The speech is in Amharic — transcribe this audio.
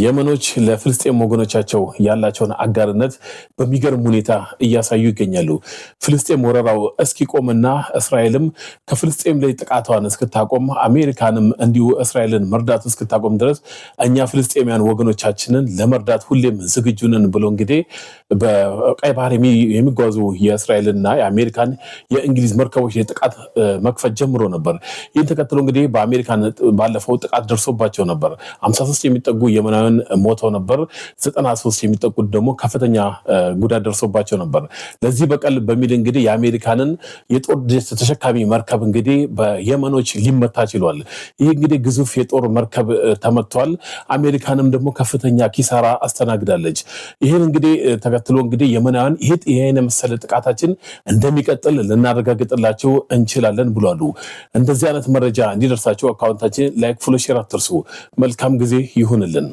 የመኖች ለፍልስጤም ወገኖቻቸው ያላቸውን አጋርነት በሚገርም ሁኔታ እያሳዩ ይገኛሉ። ፍልስጤም ወረራው እስኪቆምና እስራኤልም ከፍልስጤም ላይ ጥቃቷን እስክታቆም አሜሪካንም እንዲሁ እስራኤልን መርዳቱ እስክታቆም ድረስ እኛ ፍልስጤሚያን ወገኖቻችንን ለመርዳት ሁሌም ዝግጁንን ብሎ እንግዲህ በቀይ ባህር የሚጓዙ የእስራኤልና የአሜሪካን የእንግሊዝ መርከቦች ጥቃት መክፈት ጀምሮ ነበር። ይህን ተከትሎ እንግዲህ በአሜሪካን ባለፈው ጥቃት ደርሶባቸው ነበር ሶስት የሚጠጉ የመና ኢትዮጵያውያን ሞተው ነበር። ዘጠና ሶስት የሚጠቁት ደግሞ ከፍተኛ ጉዳት ደርሶባቸው ነበር። ለዚህ በቀል በሚል እንግዲህ የአሜሪካንን የጦር ተሸካሚ መርከብ እንግዲህ በየመኖች ሊመታ ችሏል። ይህ እንግዲህ ግዙፍ የጦር መርከብ ተመቷል። አሜሪካንም ደግሞ ከፍተኛ ኪሳራ አስተናግዳለች። ይህን እንግዲህ ተከትሎ እንግዲህ የመናውያን ይህ ይህን የመሰለ ጥቃታችን እንደሚቀጥል ልናረጋግጥላቸው እንችላለን ብሏሉ። እንደዚህ አይነት መረጃ እንዲደርሳቸው አካውንታችን ላይክ፣ ፎሎ፣ ሼር አትርሱ። መልካም ጊዜ ይሁንልን።